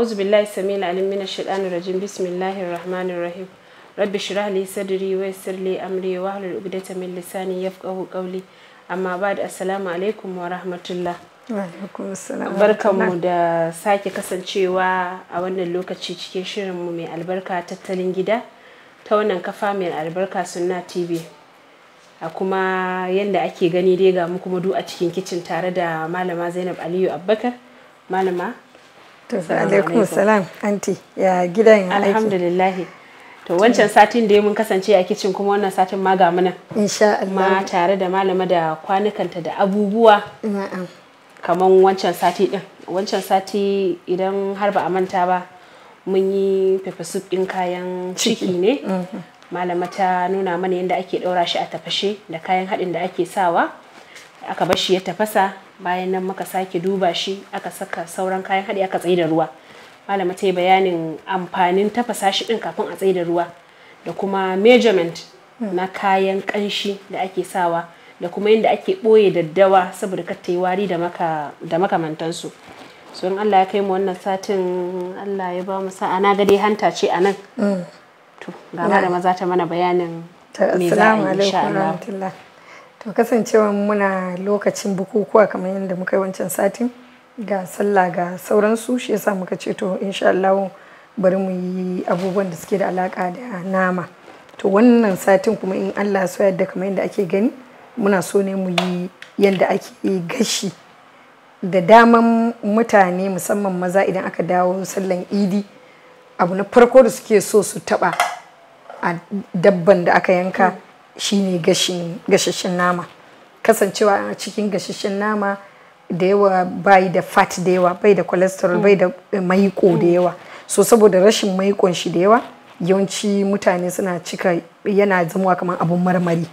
أعوذ بالله السميع العليم من الشيطان الرجيم بسم الله الرحمن الرحيم رب اشرح لي صدري ويسر لي أمري واحلل عقدة من لساني يفقه قولي أما بعد السلام عليكم ورحمة الله barkanmu da sake kasancewa a wannan lokaci cikin shirinmu mai albarka tattalin gida ta wannan kafa mai albarka sunna tv a kuma yadda ake gani dai ga mu kuma du a cikin kicin tare da malama zainab aliyu abubakar malama to alaikum salam anti ya gidan aiki alhamdulillah to wancan satin da mun kasance a kicin kuma wannan satin ma ga muna insha ma tare da malama da kwanukanta da abubuwa na'am kaman wancan sati din wancan sati idan har ba a manta ba mun yi pepper din kayan ciki ne mm-hmm. malama ta nuna mana yadda ake ɗaura shi a tafashe da kayan haɗin da ake sawa aka bar shi ya tafasa bayan nan muka sake duba shi aka saka sauran kayan haɗi aka tsaye da ruwa malama ta yi bayanin amfanin tafasa shi ɗin kafin a tsaye da ruwa da kuma measurement hmm. na kayan ƙanshi da ake sawa da kuma yadda ake ɓoye daddawa saboda kar ta yi wari da makamantansu so in Allah ya kai mu wannan satin Allah ya ba mu sa'a na gade hanta ce a nan hmm. to ga da maza ta mana bayanin me za a yi insha to kasancewa muna lokacin bukukuwa kamar yadda muka yi wancan satin ga sallah ga sauransu shi yasa muka ce to insha Allah bari mu yi abubuwan da suke da alaka da nama to wannan satin kuma in Allah so yadda kamar yadda ake gani muna so ne mu yi yadda ake gashi da daman mutane musamman maza idan aka dawo sallan idi abu na farko da suke so su taba a dabban da aka yanka shine gasashen nama kasancewa a cikin gasashen nama da yawa bai da fat da yawa bai da cholesterol bai da eh, maiko da yawa so saboda rashin maikon shi da yawa yawanci mutane suna cika yana zama kamar abun marmari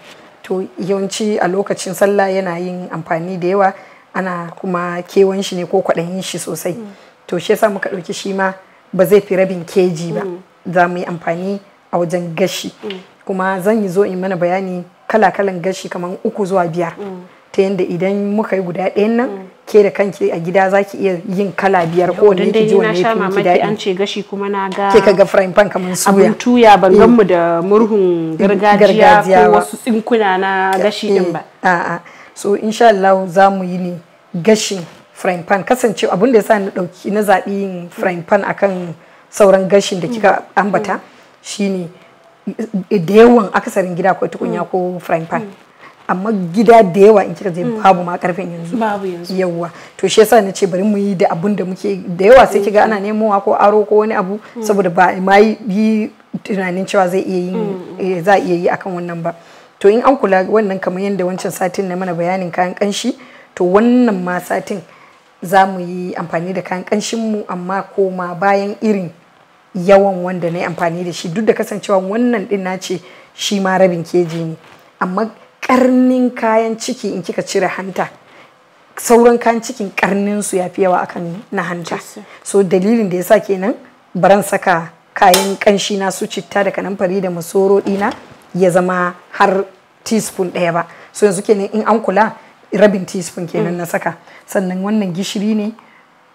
to yawanci a lokacin sallah yana yin amfani da yawa ana kuma kewan shi ne ko kwaɗayin shi sosai to shi yasa muka ɗauki shi ma ba zai fi rabin keji ba mm. za mu yi amfani a wajen gashi mm. kuma zan yi zo in mana bayani kala-kalan gashi kamar uku zuwa biyar mm. ta yadda idan muka yi guda ɗayan nan mm. ke da kanki a gida za ki iya yin kala biyar ko ne ki ji ne ya fi daɗi. an ce gashi kuma na ga ke ka ga frying pan kamar suya. Abin tuya ban mm. gan mu da murhun gargajiya ko wasu tsinkuna na gashi eh, din ba. A'a so insha Allah za mu yi ne gashin frying pan kasance abin da yasa na dauki na zaɓi yin frying pan akan sauran gashin da kika ambata shine da yawan akasarin gida akwai tukunya ko frying pan amma gida da yawa in kika je mm. babu ma karfin yanzu babu yanzu yawa to shi yasa nace bari mu yi da abun da muke da yawa sai kiga ana nemowa ko aro ko wani abu mm. saboda ba ma yi tunanin cewa zai iya yi mm. eh, za iya yi akan wannan ba to in an kula wannan kamar yadda wancan satin na mana bayanin kayan kanshi to wannan ma satin za mu yi amfani da kayan kanshin mu amma koma bayan irin yawan wanda na yi amfani da shi duk da kasancewa wannan din na ce shi ma rabin keji ne amma karnin kayan ciki in kika cire hanta sauran kayan cikin karnin su ya fi yawa akan na hanta so dalilin da ya sa kenan baran saka kayan kanshi na su citta da kanamfari da masoro dina ya zama har teaspoon ɗaya ba so yanzu kenan in an kula rabin teaspoon kenan mm. na saka sannan wannan gishiri ne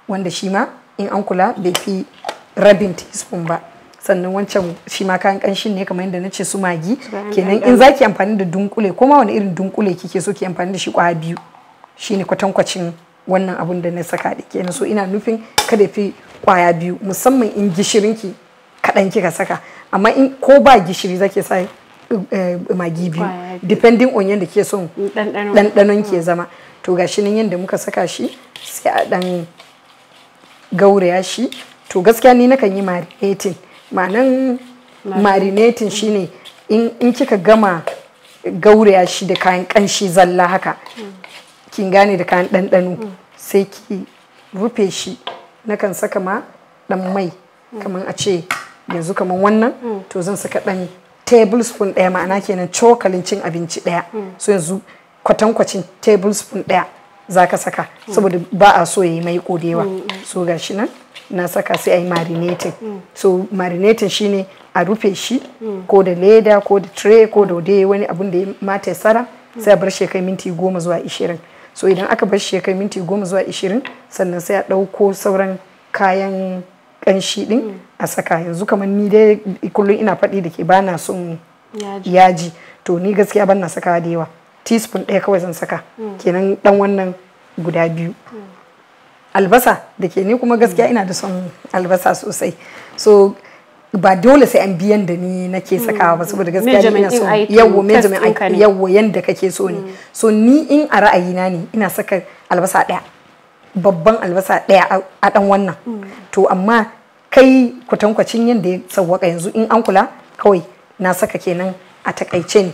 wanda shi ma in an kula bai fi rabin teaspoon ba sannan wancan shi ma kayan kanshin ne kamar yadda na ce su magi kenan in za ki amfani da dunkule ko ma wani irin dunkule kike so ki amfani da shi kwa biyu shine kwatankwacin wannan abun da na saka da kenan so ina nufin kada fi kwaya biyu musamman in gishirin ki kaɗan kika saka amma in ko ba gishiri zake sa eh, magi biyu depending on yadda ke son ɗanɗanon ke mm. zama to gashi nan yadda muka saka shi sai a ɗan gauraya shi to gaskiya ni nakan yi marinating ma'anan marinating shine in kika gama gauraya shi da kayan kanshi zalla haka kin gane da kayan ɗanɗano sai ki rufe shi nakan saka ma ɗan mai kamar a ce yanzu kamar wannan to zan saka ɗan tablespoon ɗaya ma'ana kenan cokalin cin abinci ɗaya so yanzu kwatankwacin tablespoon ɗaya za ka saka saboda ba a so ya yi mai kodewa mm, mm. so gashi nan na saka sai a yi marinating mm. so marinating shine a rufe shi mm. ko da leda ko da tray ko da dai wani abun da ya mata ya sara mm. sai a bar shi kai minti goma zuwa ishirin so idan aka bar shi kai minti goma zuwa ishirin sannan sai a ɗauko sauran kayan ƙanshi ɗin a saka yanzu kamar ni dai kullum ina faɗi da ke bana son yaji to ni gaskiya ban na sakawa da yawa teaspoon ɗaya kawai zan saka kenan ɗan wannan guda biyu albasa da ke ni kuma gaskiya mm. ina da son albasa sosai so ba dole sai an biyan da ni nake mm. sakawa ba saboda gaskiya ni ina so yawo measurement yawo yanda kake so ni mm. so ni in a ra'ayina ne ina saka albasa daya babban albasa daya a dan wannan to amma kai kwatankwacin yanda ya sauwaka yanzu in an kula kawai na saka kenan a takaice ne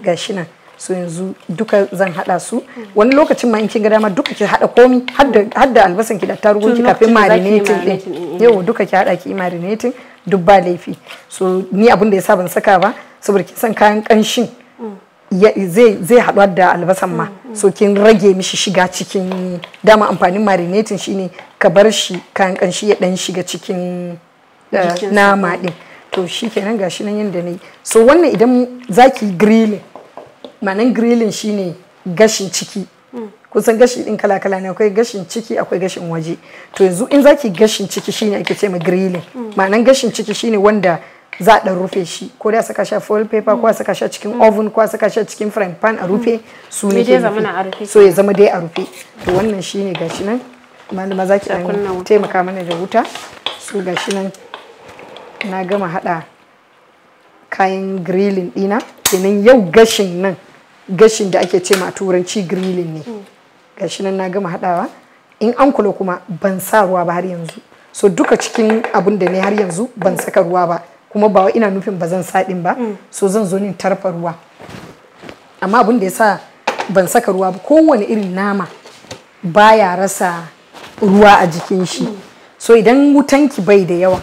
ga shi nan so yanzu duka zan hada su wani lokacin ma in kin ga dama duka ki hada komi har da albasan ki da tarugun ki kafin marinating din mm, mm. yau duka ki hada ki marinating duk ba laifi so ni abin da yasa ban saka ba saboda kin san kayan kanshin zai hadu da albasan ma mm, so kin rage mishi shiga cikin dama amfanin marinating shine ka bar shi kayan kanshi ya dan shiga cikin eh, nama din to shikenan gashi nan yanda ne so wannan idan zaki grilling manan grilling shine gashin ciki hmm. kusan gashi din kala kala ne akwai gashin ciki akwai gashin waje to yanzu in zaki gashin ciki shine ake ce ma grilling manan hmm. gashin ciki shine wanda za a rufe shi ko da saka sha foil paper ko hmm. saka sha cikin oven ko saka sha cikin frying pan a rufe su ne ke so ya zama dai a rufe to wannan shine gashi nan malama zaki dan taimaka mana da wuta so gashi nan na gama hada kayan grilling dina kenan yau gashin nan gashin da ake ce ma turanci grilling ne gashi nan na gama hadawa in an kula kuma ban sa ruwa ba har yanzu so duka cikin abun da ne har yanzu ban saka ruwa ba kuma ba ina nufin ba zan saɗin ba so zan zo nin tarfa ruwa amma abun da ya sa ban saka ruwa ba kowane irin nama baya rasa ruwa a jikin shi so idan wutan ki bai da yawa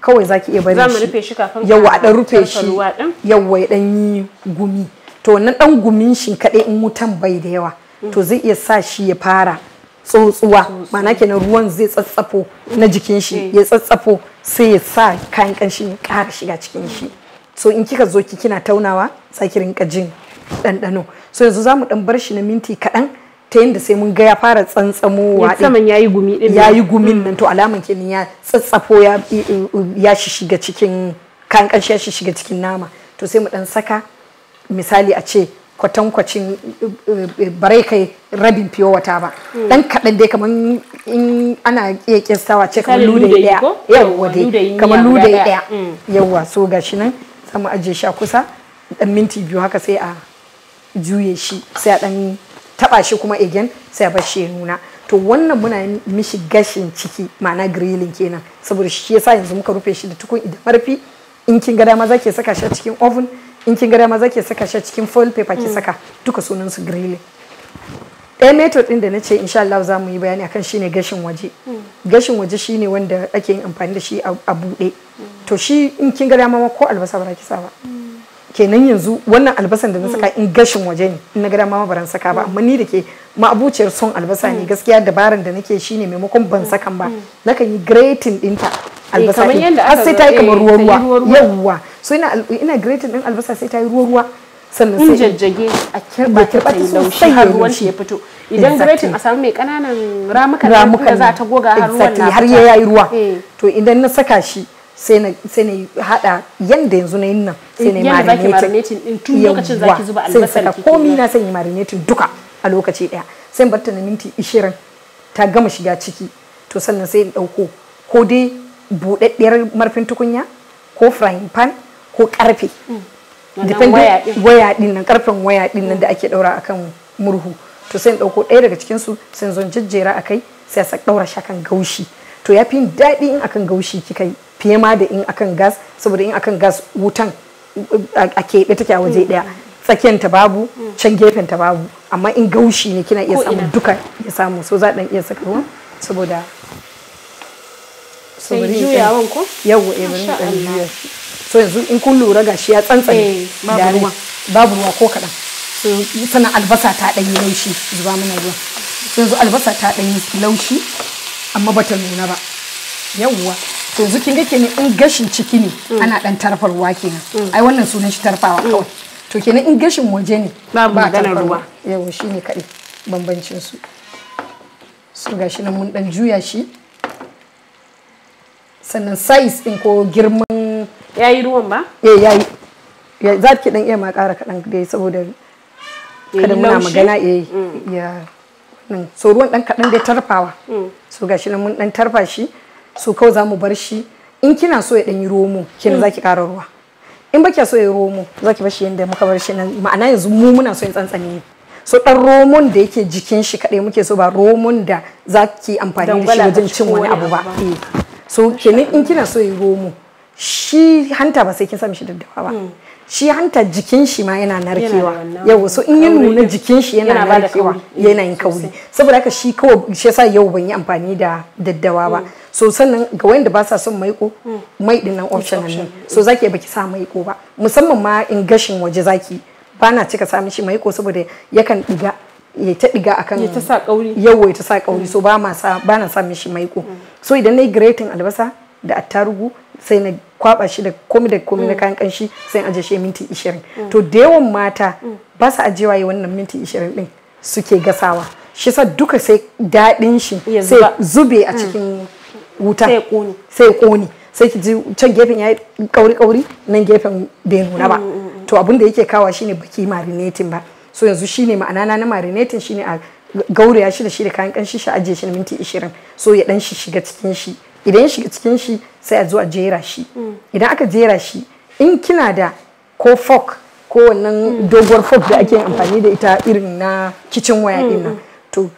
kawai zaki iya bari shi yawa dan rufe shi yawa ya dan yi gumi to wannan dan gumin shi kadai in wutan bai da yawa to zai iya sa shi ya fara tsotsuwa mana kenan ruwan zai tsatsafo na jikin shi eh. ya tsatsafo sai ya sa kayan kanshi ya kara shiga cikin shi so in kika zo ki kina taunawa saki rinka jin ɗanɗano so yanzu zamu mu ɗan bar shi na minti kaɗan ta yadda sai mun ga ya fara tsantsamowa saman ya gumi ɗin ya gumin nan to alaman kenan ya tsatsafo ya shiga cikin kayan kanshi ya shiga cikin nama to sai mu ɗan saka misali a ce kwatankwacin eh, eh, barai kai rabin fiye wata ba hmm. dan kaɗan dai kamar in ana iya kistawa ce kamar ludayi ɗaya yawwa dai kamar ludayi ɗaya yawwa hmm. so ga shi nan sama aje shi a kusa dan minti biyu haka sai a juye shi sai a dan taba shi kuma again sai a bar shi nuna to wannan muna mishi gashin ciki ma'ana grilling kenan saboda shi yasa yanzu muka rufe shi da tukun idan marfi in kin ga dama zaki saka shi a cikin oven in kin ga dama zaki saka shi cikin foil paper ki mm. saka duka sunan su grilling ɗaya method ɗin da na ce insha Allah za mu yi bayani akan shine gashin waje mm. gashin waje shine wanda ake yin amfani da shi a buɗe mm. to shi in kin ga ma ko albasa ba ki saba ba kenan yanzu wannan albasan da na saka in gashin waje ne in na ga ma baran saka ba amma ni da ke ma'abuciyar son albasa ne gaskiya dabaran da nake shine maimakon ban sakan ba nakan yi grating ɗinta eh, albasa har sai ta yi kamar eh, ruwa ruwa yawwa so ina ina grating din albasa sai ta yi ruwa ruwa sannan sai jajjage a kirba kirba ta yi har ruwan shi ya fito idan grating a samu mai kananan ramuka da za ta goga har ruwan na har ya yi ruwa eh. to idan na saka shi sai na sai na hada yanda yanzu na yin nan sai na yi marinating din tun lokacin zaki zuba albasar ki komi na sanya marinating duka a lokaci daya sai bar ta na minti 20 ta gama shiga ciki to sannan sai in dauko ko dai budaddiyar marfin tukunya ko frying pan ko karfe mm. waya din nan karfen waya din nan da ake daura akan murhu to sai in dauko ɗaya daga cikin su sai zon jejjera akai sai sa daura shi akan gaushi to ya fi daɗi in akan gaushi kika fiye ma da in akan gas saboda in akan gas wutan a keɓe take a waje mm. ɗaya tsakiyar ta babu mm. can gefen ta babu amma in gaushi ne kina iya samu duka ya samu so za dan iya saka ruwan saboda sai juyawan ko yawwa eh bari dan juya shi so yanzu in kun lura gashi ya tsantsane eh, babu ruwa ko kaɗan sannan albasa ta ɗanyi laushi zuba mana ruwa yanzu albasa ta ɗanyi laushi amma bata nuna ba yawwa to yanzu kin ga kenan in gashin ciki ne mm. ana ɗan tarfarwa kenan mm. ai wannan sunan shi tarfawa mm. kawai to kenan in gashin waje ne ba maganar ruwa yawa shine kaɗai bambancin su so gashi nan mun ɗan juya shi sannan size ɗin ko girman Ya yi ruwan ba eh yayi za ki dan iya ma ƙara kaɗan dai saboda kada muna magana eh mm. ya nan so ruwan dan kaɗan dai tarfawa mm. so gashi nan mun dan tarfa shi so kawai za mu bar shi in kina so ya dan yi romo kina za ki mm. ƙara ruwa in ba so ya romo za ki bashi shi yadda muka bar shi nan ma'ana yanzu mu muna so ya tsantsane so dan romon da yake jikin shi kadai muke so ba romon da za ki amfani da shi wajen cin wani abu ba eh. so kenan in kina so ya romo shi hanta ba sai kin sa mishi daddawa ba hmm. shi hanta jikin shi ma yana narkewa yau so in nuna jikin shi yana narkewa yana yin kauri saboda haka shi kawai shi yasa yau ban yi amfani da daddawa ba hmm. so sannan ga wanda ba sa son maiko hmm. mai din nan option ne so zaki baki sa maiko ba musamman ma in gashin waje zaki ba na cika sa mishi maiko saboda yakan diga ya ta diga akan ya ta sa kauri yawa ya ta sa kauri so ba ma sa ba na sa mishi maiko so idan nayi grating albasa da attarugu sai na kwaba shi da komi da komi na mm. kayan kanshi sai aje shi minti 20 mm. to da yawan mata mm. ba su aje yi wannan minti 20 din suke gasawa shi sa duka sai daɗin shi sai zube a cikin wuta sai koni sai sai ki ji can gefen yayi kauri kauri nan gefen bai nuna ba to abin da yake kawa shine baki marinating ba so yanzu shine ma'ana na marinating shine a gauraya shi da shi da kayan kanshi shi aje shi na minti 20 so ya dan shi shiga cikin shi idan ya cikin shi sai a zo a jera shi idan aka jera shi in kina da ko fork ko wannan doguwar fork da ake amfani da ita irin na kicin waya mm, din mm. to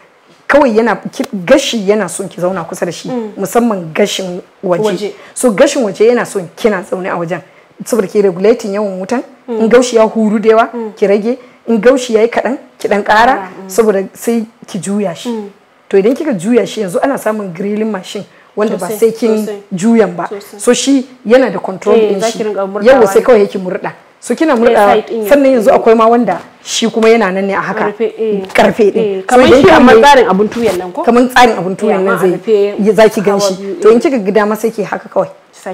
kawai yana gashi yana son ki zauna kusa da shi mm. musamman gashin waje so gashin waje yana son kina zaune a wajen saboda ke regulating yawan wutan in gaushi ya huru da yawa ki rage in gaushi yayi yi kaɗan ki ɗan ƙara saboda sai ki juya shi to idan kika juya shi yanzu ana samun grilling machine wanda ba sai kin juyan ba so shi yana da control eh, din shi yau sai kawai yake murda so kina eh, murda sannan yanzu akwai ma wanda shi kuma yana nan ne a haka eh. karfe din kamar shi amma tsarin abun tuyan nan ko kamar tsarin abun tuyan nan zai zaki ganshi to in kika gida ma sai ki haka kawai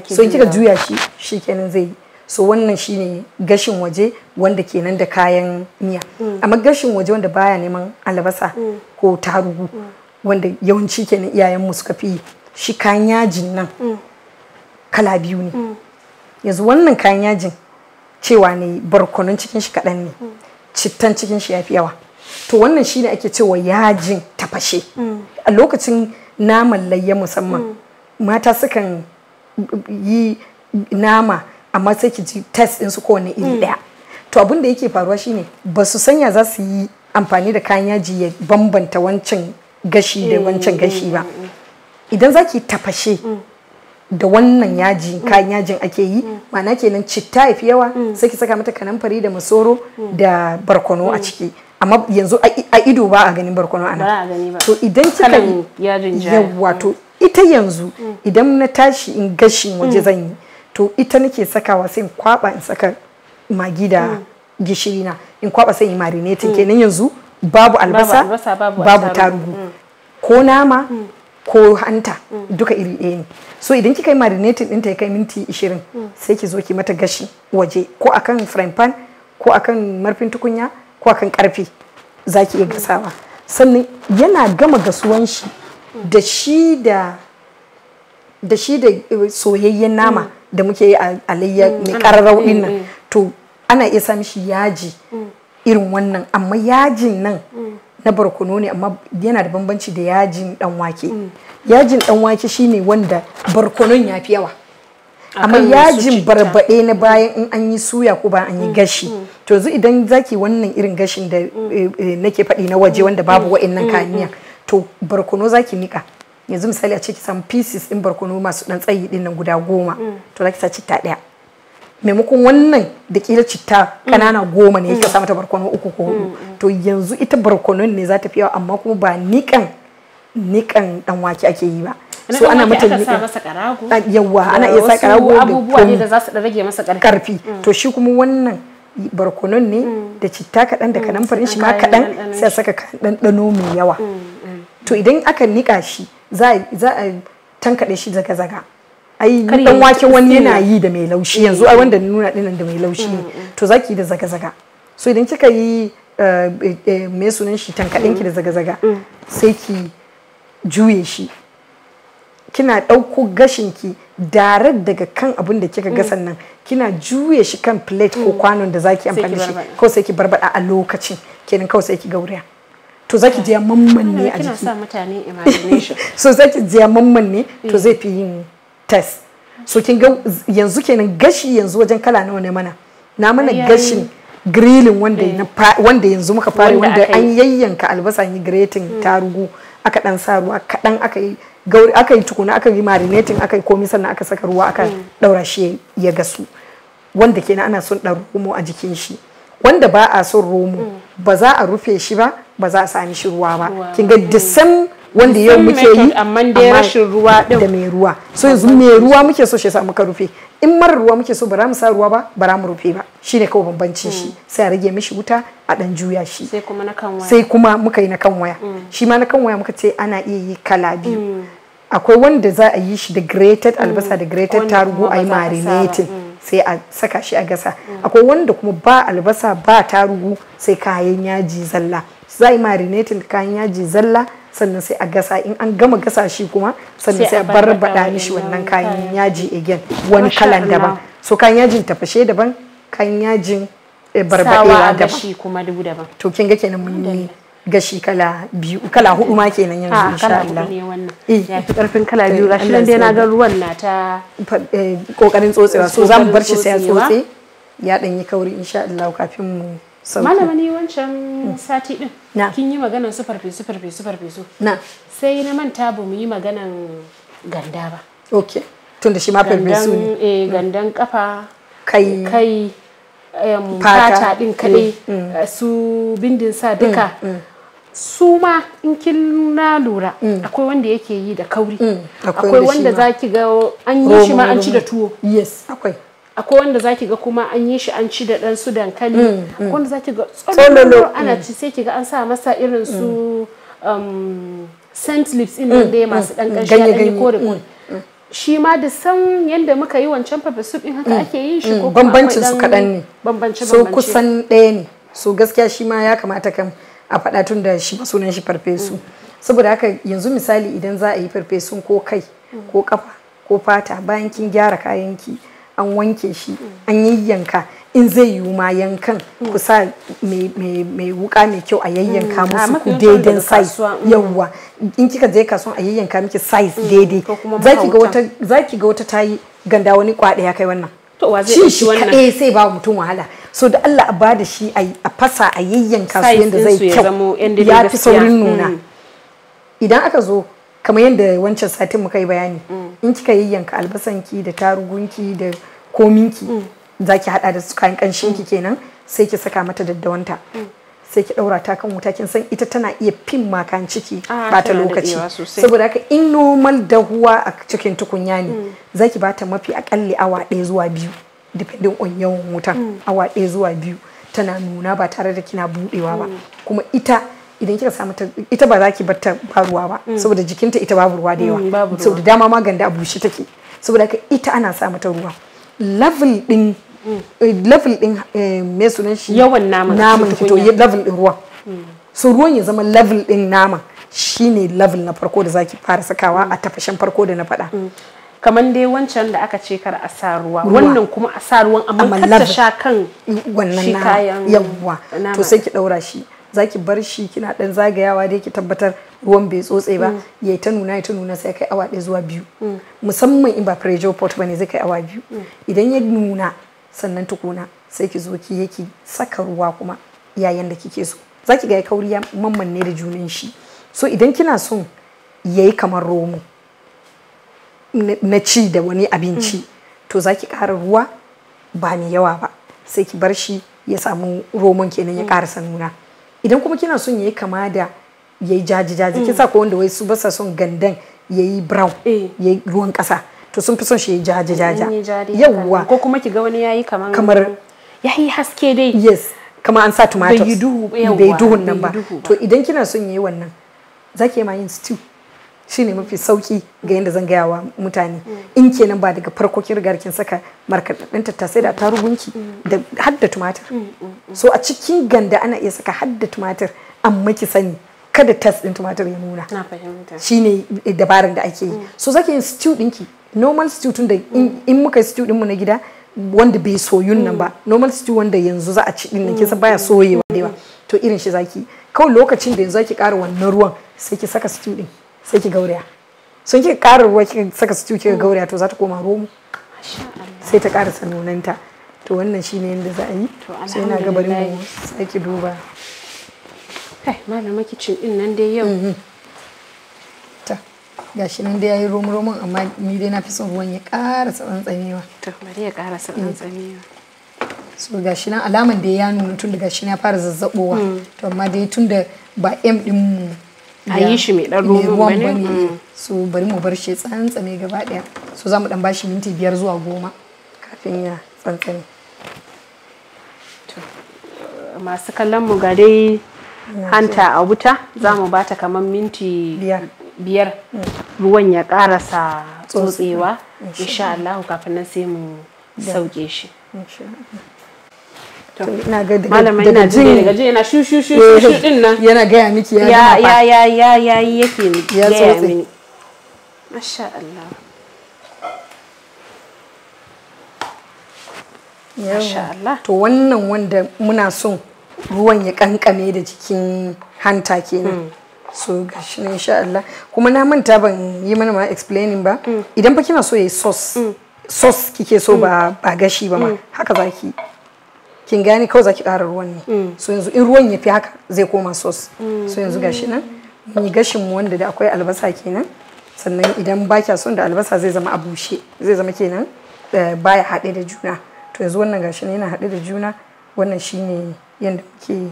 so in kika juya shi kenan zai yi so wannan shine gashin waje wanda kenan da kayan miya mm. amma gashin waje wanda baya neman albasa mm. ko tarugu mm. wanda yawanci kenan iyayenmu suka fi shi kayan yajin nan mm. kala biyu ne mm. yanzu wannan kayan yajin cewa ne barkonun cikin shi kaɗan ne mm. cittan cikin shi ya fi yawa to wannan shi ne ake cewa yajin tafashe a lokacin naman layya musamman mata sukan yi nama amma sai ki ji test ɗinsu kowane iri ɗaya to abin da yake faruwa shine ba su sanya za su yi amfani da kayan yaji ya bambanta wancan gashi da wancan gashi ba idan zaki tafashe mm. da wannan yaji mm. kayan yajin ake yi mm. ma'ana kenan citta ya fi yawa sai ki saka mata kanamfari da masoro da barkono a ciki amma yanzu a ido ba a ganin barkono ana to idan kika yawa to ita yanzu idan na tashi in gashi waje zan yi to ita nake sakawa sai in kwaba in saka magi da gishiri na in kwaba sai in marinating kenan yanzu babu albasa babu tarugu ko nama ko hanta duka iri ɗaya ne so idan kika yi marinating ɗinta ya kai minti 20 sai ki zo ki mata gashi waje ko akan frying pan ko akan marfin tukunya ko akan karfe za ki iya gasawa sannan yana gama gasuwan shi da shi da da shi da eh, soyayyen nama da muke yi a alayya mm, mai kararrau din nan eh, eh. to ana iya sa shi yaji mm. irin wannan amma yajin nan mm. na barkono ne amma yana da bambanci da yajin dan wake yajin dan wake shine wanda barkonon ya fi yawa amma yajin barbaɗe na bayan in an yi suya ko bayan an yi mm, gashi mm. to yanzu idan zaki wannan irin gashin da mm. eh, eh, nake faɗi na waje wanda babu wa'annan kayan to barkono zaki nika yanzu misali a ce ki samu pieces din barkono masu dan tsayi din guda goma to zaki sa citta daya maimakon wannan da kila citta kanana mm. goma ne mm. ka samu mata barkono uku ko hudu mm, to yanzu ita barkonon ne za ta fi yawa amma kuma ba nikan nikan dan wake ake yi ba so ana mata nikan ah, yawa ana iya sa karago abubuwa ne da za su rage masa karfi to shi kuma wannan barkonon ne da citta kaɗan da farin shi ma kaɗan sai saka ɗanɗano mai yawa to idan aka nika shi za a tankaɗe shi zaga-zaga ai dan wake wani yana yi da mai laushi eh. yanzu ai wanda nuna dinan da mai laushi to zaki da zaga zaga so idan kika yi eh, eh, mai sunan shi tankadin ki da mm. zaga zaga mm. sai ki juye shi kina ɗauko gashin ki dare daga kan abin da kika ga sannan mm. kina juye shi kan plate ko kwanon da zaki amfani shi ko sai ki barbada a lokacin kenan kawai sai ki gauraya to zaki je mamman ne a jiki so zaki je mamman ne to zai fi yin test so kin ga yanzu kenan gashi yanzu wajen kala nawa ne mana na mana gashin grilling wanda eh. wanda yanzu muka fara wanda an yayyanka albasa yi grating hmm. ta rugu aka dan sa ruwa kadan aka yi gauri aka yi tukuna aka yi marinating aka yi komai sannan aka saka ruwa aka daura hmm. shi ya gasu wanda kenan ana son dan romo a jikin shi wanda ba a son romo hmm. ba za a rufe shi ba ba za a sami shi ruwa ba kin ga the same wanda yau muke yi amma rashin ruwa da mai ruwa so yanzu mai ruwa muke so shi sa muka rufe in mara ruwa muke so bara mu sa ruwa ba bara mu rufe ba shine kawai bambancin shi mm. sai a rage mishi wuta a dan juya shi sai kuma na kan waya sai kuma muka yi na kan waya mm. shi ma na kan waya muka ce ana iya yi kala biyu mm. akwai wanda za a yi shi da grated albasa da grated tarugu a yi marinating sai a saka shi a gasa akwai wanda kuma ba albasa ba tarugu sai kayan yaji zalla za a yi marinating kayan yaji zalla sannan sai a gasa in an gama gasa shi kuma sannan sai a bar bada shi wannan kayan yaji again wani kalan daban so kayan yajin tafashe daban kayan yajin eh, barbadewa daban gashi kuma dubu daban to kin ga kenan mun yi gashi kala biyu kala hudu ma kenan yanzu ah, insha Allah ne wannan eh, ya fi karfin kala biyu gashi nan dai na ga ruwan na ta kokarin eh, tsotsewa so zamu bar shi sai ya tsotse ya dan yi kauri insha Allah kafin mu malama ni wancan hmm. sati din kin yi maganan su farfesu farfesu so na sai na manta ba mu yi maganan ganda ba okay tunda shi ma so ne eh hmm. gandan kafa kai kai fata din kadai hmm. Eh, su bindin sa duka su ma in kin na lura akwai wanda yake yi da kauri akwai wanda zaki ga an yi shi ma an ci da tuwo yes akwai akwai wanda zaki ga kuma an yi shi an ci da dan su dankali mm, mm. akwai wanda zaki ga oh, tsololo ana mm. ci sai ki ga an sa masa irin su um, scent lips in nan dai masu dan kanshi ya dan kore shi ma da san yadda muka yi wancan pepper soup din haka ake yin shi ko bambancin su kadan ne bambance so kusan ɗaya ne so gaskiya shi ma ya kamata kan a faɗa tun da shi sunan shi farfesu saboda haka yanzu misali idan za a yi farfesun ko kai ko kafa ko fata bayan kin gyara kayanki ki an wanke shi an yayyanka in zai yiwu ma yankan mm. ku sa mai wuka mai kyau a yayyanka mm. musu ku daidai size mm. yawwa in kika je kasuwan a yayyanka miki size daidai zaki ga wata tayi ganda wani kwaɗe ya kai wannan shi shi kaɗai sai ba mutum wahala so da Allah a bada shi a fasa a yayyanka su yadda zai kyau ya fi saurin nuna idan aka zo kamar yadda wancan satin muka yi bayani in kika yayyanka albasanki da tarugunki da ko minki mm. za ki haɗa da su kayan ƙanshinki mm. kenan sai ki saka mata daddawanta mm. sai ki ɗaura ta kan wuta kin san ita tana iya fin makan ciki ah, bata lokaci saboda haka in normal dahuwa a cikin tukunya ne za ki bata mafi akalli awa ɗaya zuwa biyu depending on yawan wutan awa ɗaya zuwa biyu tana nuna ba tare da kina buɗewa ba kuma ita idan kika samu ta ita ba za ki bar ta ba ruwa ba saboda jikinta ita babu ruwa da yawa saboda dama ma ganda a bushe take saboda haka ita ana sa mata ruwa level din eh, level din eh, mai sunan shi yawan naman naman to level din ruwan hmm. so ruwan ya zama level din naman shine level na farko da zaki fara sakawa a tafashin farko da na faɗa hmm. kamar dai wancan da aka ce kar a sa ruwa wannan kuma a sa ruwan amma kar ta sha kan wannan shi yawwa to sai ki daura shi zaki bar shi kina dan zagayawa dai ki tabbatar ruwan bai tsotse ba mm. ya ta nuna ya ta nuna sai kai awa zuwa biyu mm. musamman in ba pressure port bane zai kai awa biyu mm. idan ya nuna sannan tukuna sai ki zo ki yake saka ruwa kuma yayin da kike so zaki ki ga ya kauri ya ne da junan shi so idan kina son yayi kamar romo na ci da wani abinci to zaki ki ƙara ruwa ba mai yawa ba sai ki bar shi ya samu romon kenan ya ƙarasa nuna idan kuma kina son yayi kama da yayi jaji jaji mm. kin sa ko wanda wai su ba son gandan yayi brown eh. yayi ruwan kasa to sun fi son shi yi jaji jaja yawwa ko kuma ki ga wani ya yi kamar Ya yi haske dai yes kama an sa tomatoes bai duhu bai duhun nan ba to idan kina son yayi wannan zaki ma yin stew shine mafi sauki ga yadda zan gaya wa mutane mm. in kenan ba daga farko kin riga kin saka markaɗaɗɗen tattasai da tarugunki mm. da hadda tumatir so a cikin ganda ana iya saka hadda tumatir amma ki sani kada tas din tumatir ya nuna na fahimta shine dabarar da ake yi mm. so zaki yin stew dinki normal stew tun da mm. in muka stew din mu na gida wanda bai soyun nan ba mm. normal stew wanda yanzu za a ci din nan kisa baya soyewa da ba to irin shi zaki kawai lokacin da yanzu zaki ƙara wannan ruwan sai ki saka stew din sai ki gauraya sun ki ƙara ruwa ki saka stew ki gauraya to za ta koma romo sai ta ƙara sanunanta to wannan shine yanda za a yi sai na gabarin mu sai ki duba malama kicin din nan dai yau. Mm-hmm. Ta, nan dai yayi amma ni dai na fi son ruwan ya ƙara To, bari ya ƙara mm. So nan alaman da ya nuna tun da gashi na fara zazzabowa. Mm. To amma dai tun da ba M din mu a yi shi mai ruwan mm. So bari mu bar shi tsantsane gaba ɗaya. So za mu ɗan bashi minti biyar zuwa goma kafin ya tsantsane. Masu kallon mu ga dai hanta a wuta za mu ta kamar minti biyar mm. ruwan ya karasa tsotsewa insha Allah kafin nan sai mu sauke shi malamai yana jin daga jin yana shu shu shu shu din nan yana gaya miki ya ya ya ya ya yake miki ya tsotse masha Allah Masha Allah. To wannan wanda muna son ruwan ya kankame da jikin hanta kenan mm. so gashi na insha Allah kuma na manta ban yi mana ma explaining ba mm. idan fa kina so yayi sauce mm. sauce kike so ba ba gashi ba ma haka zaki kin gane kawai zaki ƙara ruwan ne so yanzu in ruwan ya fi haka zai koma sauce so yanzu gashi nan ni gashin mu wanda da akwai albasa kenan sannan idan ba kya son da albasa zai zama a bushe zai zama kenan eh, baya haɗe da juna to yanzu wannan gashi ne yana haɗe da juna wannan shine yadda muke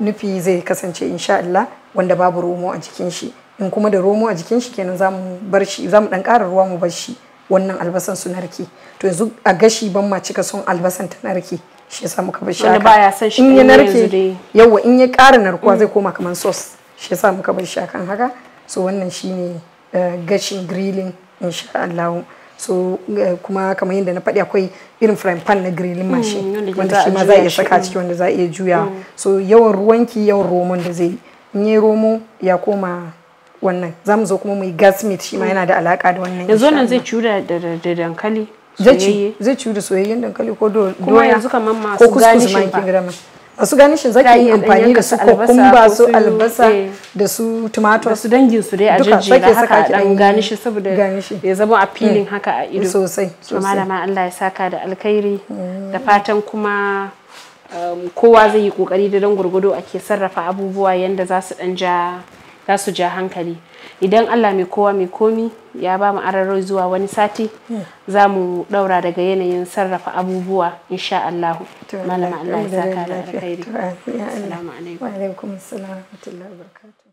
nufi zai kasance insha Allah wanda babu romo a jikin shi in kuma da romo a jikin shi kenan zamu bar shi zamu dan ƙara ruwa mu bar shi wannan albasan su narke to yanzu a gashi ban ma cika son albasan ta narke shi yasa muka bar shi wanda baya san shi in ya narke yawa in ya ƙara narkuwa zai mm. koma kaman sauce shi yasa muka bar shi akan haka so wannan shine eh, gashin grilling insha Allah so eh, kuma kamar yadda na faɗi akwai irin frying pan na grilling hmm, machine wanda shi ma za a iya saka ciki hmm. wanda za a iya juya hmm. so yawan ruwanki yawan romon da zai in yi romo ya koma wannan za mu zo kuma mu yi gas meat shi ma yana da alaka da wannan yanzu wannan zai ciwu da dankali zai ciwu da soyayyen dankali ko doya ko kuskus ma kin gida wasu shi zaki yi amfani da su kokumba su albasa eh, da su tumatur su dangin su dai a jejjera haka a dan shi saboda ya zama appealing eh, haka a ido sosai sosai malama Allah ya saka da alkhairi mm. da fatan kuma um, kowa zai yi kokari da dan gurgudo ake sarrafa abubuwa yanda za su dan ja za su ja hankali idan allah mai kowa mai komi ya ba mu araro zuwa wani sati za mu daura daga yanayin sarrafa abubuwa insha Allah malama allah ya saka da alkhairi assalamu alaikum wa alaikum assalam wa rahmatullahi wa barakatuh